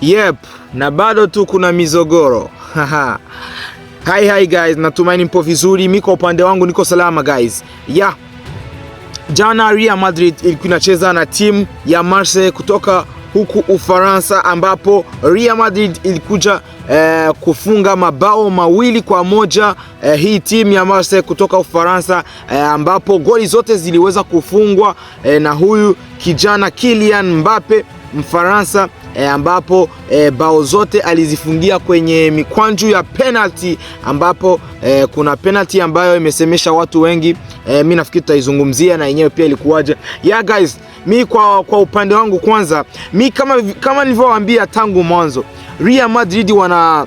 Yep, na bado tu kuna mizogoro Hi, hi guys, natumaini mpo vizuri. mi kwa upande wangu niko salama guys. Yeah. Jana Real Madrid ilikuwa inacheza na timu ya Marseille kutoka huku Ufaransa ambapo Real Madrid ilikuja eh, kufunga mabao mawili kwa moja eh, hii timu ya Marseille kutoka Ufaransa eh, ambapo goli zote ziliweza kufungwa eh, na huyu kijana Kylian Mbappe Mfaransa e, ambapo e, bao zote alizifungia kwenye mikwanju ya penalty ambapo e, kuna penalty ambayo imesemesha watu wengi e, mi nafikiri tutaizungumzia na yenyewe pia ilikuwaje. Yeah guys, mi kwa, kwa upande wangu kwanza mi kama, kama nilivyowaambia tangu mwanzo Real Madrid wana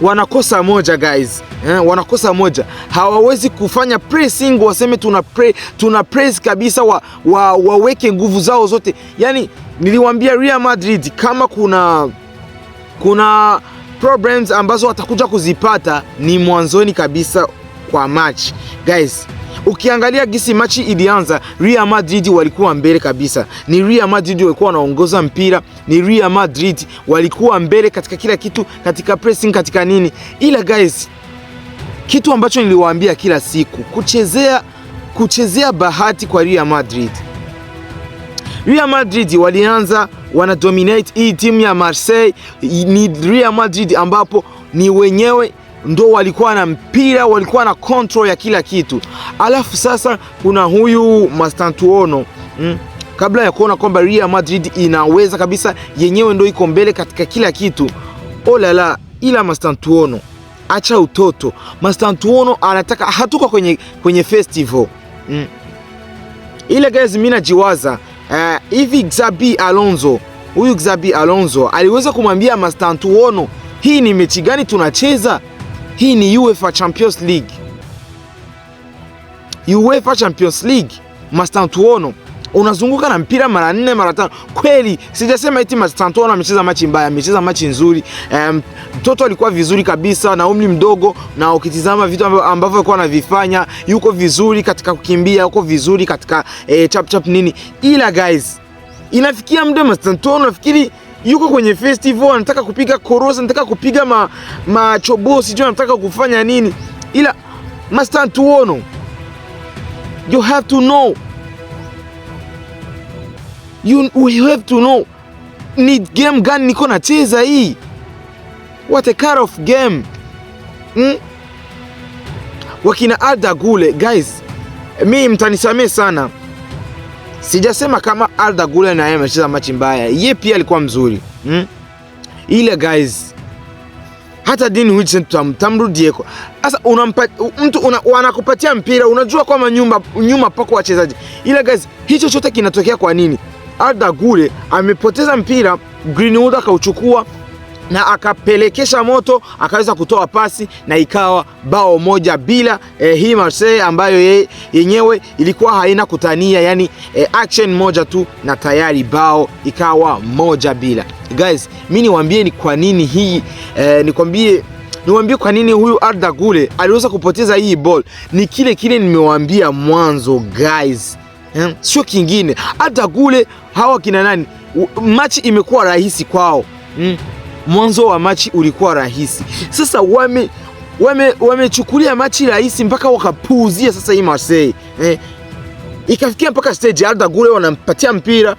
wanakosa moja guys eh, wanakosa moja. Hawawezi kufanya pressing waseme tuna pre, tuna press kabisa wa, wa, waweke nguvu zao zote yani Niliwaambia Real Madrid kama kuna kuna problems ambazo watakuja kuzipata ni mwanzoni kabisa kwa match guys. Ukiangalia gisi machi ilianza, Real Madrid walikuwa mbele kabisa, ni Real Madrid walikuwa wanaongoza mpira, ni Real Madrid walikuwa mbele katika kila kitu, katika pressing, katika nini. Ila guys, kitu ambacho niliwaambia kila siku, kuchezea kuchezea bahati kwa Real Madrid Real Madrid walianza wana dominate hii timu ya Marseille. Ni Real Madrid ambapo ni wenyewe ndo walikuwa na mpira, walikuwa na control ya kila kitu. Alafu sasa kuna huyu Mastantuono mm. Kabla ya kuona kwamba Real Madrid inaweza kabisa, yenyewe ndo iko mbele katika kila kitu. Olala, oh ila Mastantuono, acha utoto. Mastantuono anataka hatuko kwenye, kwenye festival mm. Ile guys, mimi najiwaza Eh, hivi Xabi Alonso huyu Xabi Alonso aliweza kumwambia Mastantuono, hii ni mechi gani tunacheza? Hii ni UEFA Champions League, UEFA Champions League. Mastantuono unazunguka na mpira mara nne mara tano. Kweli sijasema eti Santoro amecheza machi mbaya, amecheza machi nzuri. Mtoto um, alikuwa vizuri kabisa na umri mdogo, na ukitizama vitu ambavyo alikuwa anavifanya, yuko vizuri katika kukimbia, yuko vizuri katika eh, chap chap nini, ila guys, inafikia muda Santoro nafikiri yuko kwenye festival, anataka kupiga korosa, anataka kupiga ma, machobo, sijui anataka kufanya nini, ila Masantuono, you have to know you, we have to know ni game gani niko nacheza hii, what a kind of game mm? Wakina Arda Gule guys, mi mtanisamee sana, sijasema kama Arda Gule na yeye amecheza machi mbaya, ye pia alikuwa mzuri mm? Ile guys, hata Dean Huijsen tutamrudieko sasa. Mtu una, wanakupatia mpira, unajua kwamba nyuma, nyuma pako wachezaji. Ile guys, hicho chote kinatokea kwa nini? Arda Gure amepoteza mpira, Greenwood akauchukua na akapelekesha moto, akaweza kutoa pasi na ikawa bao moja bila eh, hii Marseille ambayo yenyewe ilikuwa haina kutania, yani eh, action moja tu na tayari bao ikawa moja bila. Guys, mi niwaambie ni kwa nini hii eh, nikwambie niwaambie kwa nini huyu Arda Gule aliweza kupoteza hii ball. Ni kile kile nimewaambia mwanzo guys, eh, sio kingine. Hata kule hawa kina nani, machi imekuwa rahisi kwao mm. Mwanzo wa machi ulikuwa rahisi, sasa wame wame wamechukulia wame machi rahisi mpaka wakapuuzia sasa hii Marseille eh, ikafikia mpaka stage Arda Gule wanampatia mpira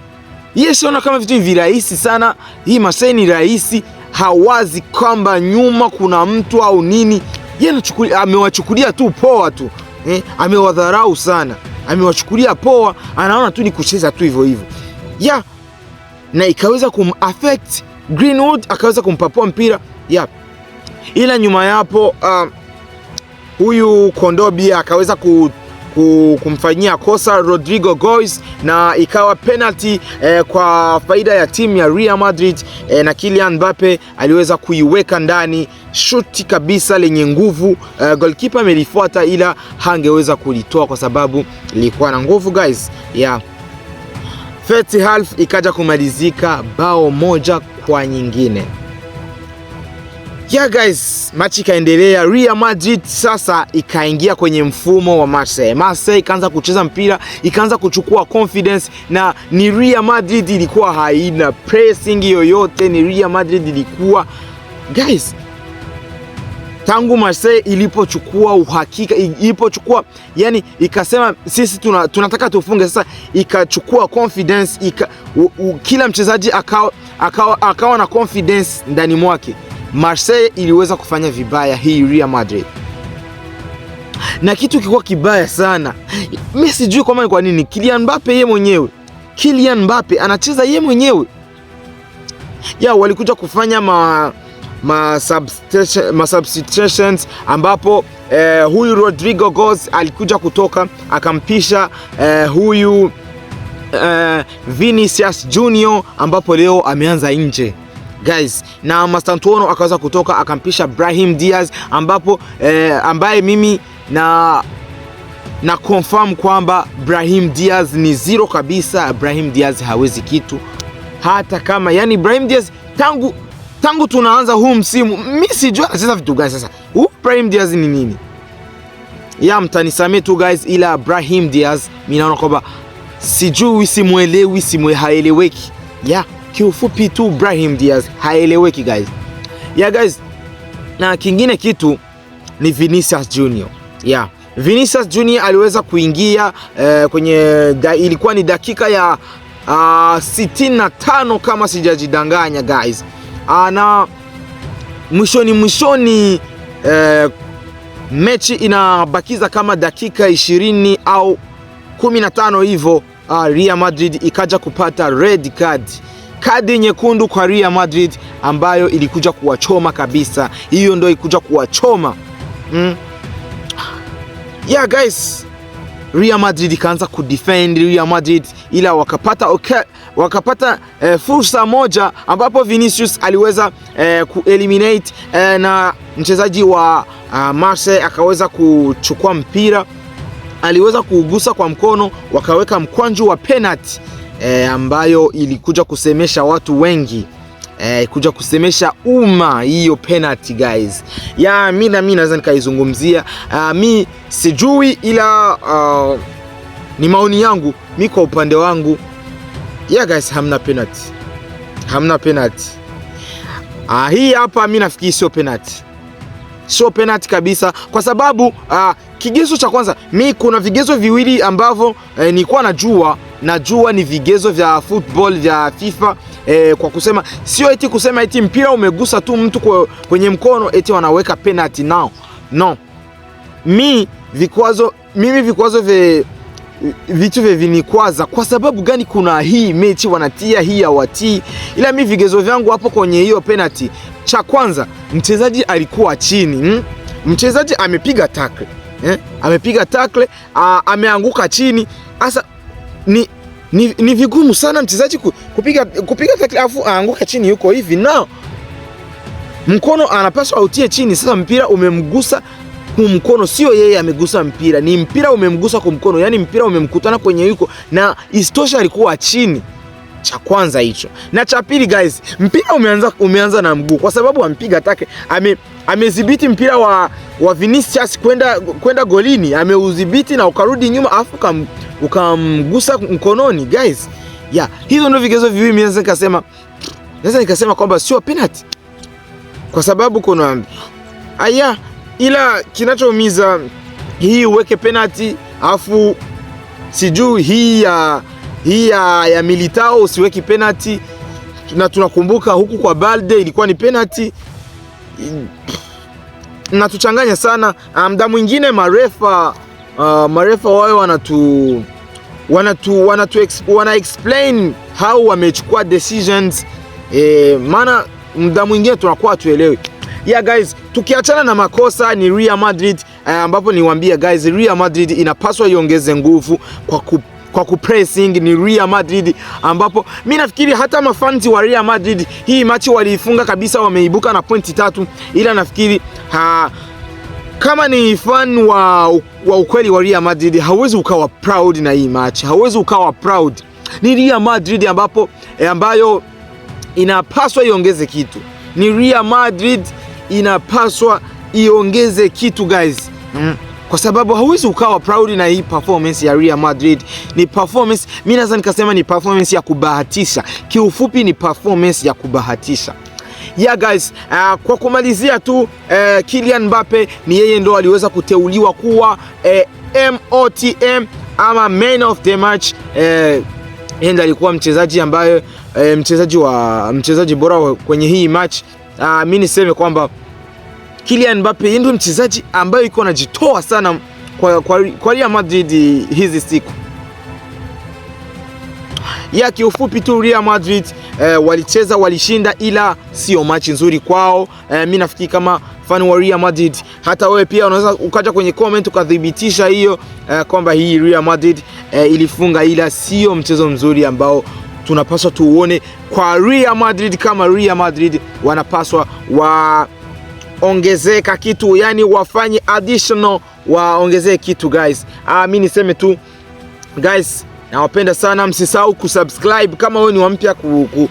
yeye, siona kama vitu hivi rahisi sana. Hii Marseille ni rahisi, hawazi kwamba nyuma kuna mtu au nini. Yeye amewachukulia tu poa tu eh, amewadharau sana amewachukulia poa, anaona tu ni kucheza tu hivyo hivyo ya Na ikaweza kumaffect Greenwood akaweza kumpapua mpira ya Ila nyuma yapo uh, ah, huyu Kondobia akaweza ku kumfanyia kosa Rodrigo Goes na ikawa penalty eh, kwa faida ya timu ya Real Madrid eh, na Kylian Mbappe aliweza kuiweka ndani shuti kabisa lenye nguvu eh, goalkeeper amelifuata ila hangeweza kulitoa kwa sababu ilikuwa na nguvu guys, yeah. First half ikaja kumalizika bao moja kwa nyingine. Yeah guys, machi ikaendelea. Real Madrid sasa ikaingia kwenye mfumo wa Marseille. Marseille ikaanza kucheza mpira, ikaanza kuchukua confidence na ni Real Madrid ilikuwa haina pressing yoyote, ni Real Madrid ilikuwa guys tangu Marseille ilipochukua uhakika ilipochukua yani, ikasema sisi tuna, tunataka tufunge sasa, ikachukua confidence ika, u, u, kila mchezaji akawa, akawa, akawa na confidence ndani mwake. Marseille iliweza kufanya vibaya hii Real Madrid, na kitu kilikuwa kibaya sana. Mimi sijui kwa kwa nini Kylian Mbappe ye mwenyewe, Kylian Mbappe anacheza ye mwenyewe ya walikuja kufanya ma ma substitutions ambapo eh, huyu Rodrigo Goes alikuja kutoka akampisha eh, huyu eh, Vinicius Junior ambapo leo ameanza nje guys, na Master Mastantuono akaweza kutoka akampisha Brahim Diaz ambapo eh, ambaye mimi na na confirm kwamba Brahim Diaz ni zero kabisa. Brahim Diaz hawezi kitu hata kama yani, Brahim Diaz tangu tangu tunaanza huu msimu mimi sijua anacheza vitu gani. Sasa huu Brahim Diaz ni nini? Ya mtanisamee tu guys, ila Brahim Diaz mimi naona kwamba sijui, simwelewi, simwe haeleweki ya kiufupi tu Brahim Diaz haeleweki guys. Yeah guys, na kingine kitu ni Vinicius Junior. Yeah. Vinicius Junior aliweza kuingia eh, kwenye da, ilikuwa ni dakika ya uh, ah, 65 kama sijajidanganya guys. Uh, na mwishoni mwishoni eh, mechi inabakiza kama dakika 20 au 15 hivyo, uh, Real Madrid ikaja kupata red card kadi nyekundu kwa Real Madrid ambayo ilikuja kuwachoma kabisa, hiyo ndio ilikuja kuwachoma mm. Yeah guys, Real Madrid ikaanza kudefend Real Madrid, ila wakapata okay, wakapata eh, fursa moja ambapo Vinicius aliweza eh, kueliminate eh, na mchezaji wa uh, Marseille akaweza kuchukua mpira, aliweza kuugusa kwa mkono, wakaweka mkwanju wa penalty e, ambayo ilikuja kusemesha watu wengi e, kuja kusemesha umma hiyo penalty guys. Ya mimi na mimi naweza nikaizungumzia, mi sijui ila uh, ni maoni yangu mi kwa upande wangu yeah guys, hamna penalty, hamna penalty. Ah, hii hapa mi nafikiri sio penalty, sio penalty kabisa, kwa sababu ah, kigezo cha kwanza mi kuna vigezo viwili ambavyo eh, nilikuwa najua najua ni vigezo vya football vya FIFA eh, kwa kusema sio eti kusema eti mpira umegusa tu mtu kwe, kwenye mkono eti wanaweka penalty nao no. Mi vikwazo mimi vikwazo vya vitu vya vinikwaza kwa sababu gani? Kuna hii mechi wanatia hii hawatii, ila mi vigezo vyangu hapo kwenye hiyo penalty, cha kwanza mchezaji alikuwa chini mm? Mchezaji amepiga tackle eh? Amepiga tackle ameanguka chini. Sasa ni, ni, ni vigumu sana mchezaji kupiga kupiga tackle afu aanguka chini yuko hivi na mkono anapaswa autie chini. Sasa mpira umemgusa kumkono, sio yeye amegusa mpira, ni mpira umemgusa kumkono, yani mpira umemkutana kwenye yuko, na istosha, alikuwa chini. Cha kwanza hicho, na cha pili guys, mpira umeanza umeanza na mguu, kwa sababu ampiga take ame amedhibiti mpira wa wa Vinicius kwenda kwenda golini ameudhibiti na ukarudi nyuma afu ukamgusa mkononi guys. Yeah, hizo ndio vigezo viwili mimi naweza nikasema naweza nikasema kwamba sio penalty kwa sababu kuna aya, ila kinachoumiza hii uweke penalty afu sijui hii ya hii ya, ya Militao usiweki penalty, na tunakumbuka huku kwa Balde ilikuwa ni penalty mnatuchanganya sana. Ah, mda mwingine marefa uh, marefa wao wanatu wanatu wanatu wana explain how wamechukua decisions eh, maana mda mwingine tunakuwa tuelewe Yeah guys, tukiachana na makosa ni Real Madrid eh, ambapo niwaambia guys, Real Madrid inapaswa iongeze nguvu kwa ku kwa kupressing ni Real Madrid, ambapo mi nafikiri hata mafanzi wa Real Madrid hii machi waliifunga kabisa, wameibuka na pointi tatu, ila nafikiri ha, kama ni fan wa, wa ukweli wa Real Madrid hauwezi ukawa proud na hii match, hauwezi ukawa proud. Ni Real Madrid ambapo e, ambayo inapaswa iongeze kitu. Ni Real Madrid inapaswa iongeze kitu guys, mm kwa sababu hauwezi ukawa proud na hii performance ya Real Madrid. Ni performance mimi naweza nikasema ni performance ya kubahatisha, kiufupi ni performance ya kubahatisha. Yeah guys, uh, kwa kumalizia tu uh, Kylian Mbappe ni yeye ndo aliweza kuteuliwa kuwa uh, MOTM ama man of the match uh, enda alikuwa mchezaji ambaye uh, mchezaji wa mchezaji bora kwenye hii match. uh, Mimi niseme kwamba Kylian Mbappe ndio mchezaji ambaye yuko anajitoa sana kwa, kwa, kwa Real Madrid hizi siku ya kiufupi tu Real Madrid eh, walicheza walishinda, ila sio machi nzuri kwao. Eh, mi nafikiri kama fan wa Real Madrid, hata wewe pia unaweza ukaja kwenye comment ukathibitisha hiyo eh, kwamba hii Real Madrid eh, ilifunga, ila sio mchezo mzuri ambao tunapaswa tuuone kwa Real Madrid. Kama Real Madrid wanapaswa wa ongezeka kitu, yani wafanye additional, waongezee kitu guys. Ah, mimi niseme tu guys, nawapenda sana, msisahau kusubscribe kama wewe ni mpya ku, ku,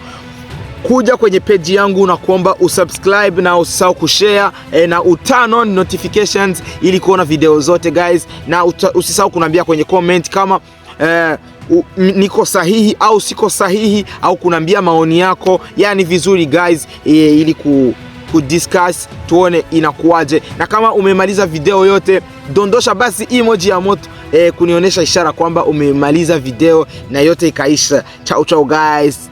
kuja kwenye page yangu na kuomba usubscribe na usisahau kushare e, na uturn on notifications ili kuona video zote guys, na usisahau kuniambia kwenye comment kama e, u, niko sahihi au siko sahihi au kunambia maoni yako, yani vizuri guys e, ili ku kudiscuss, tuone inakuwaje, na kama umemaliza video yote dondosha basi emoji ya moto eh, kunionyesha ishara kwamba umemaliza video na yote ikaisha. Chao chao guys.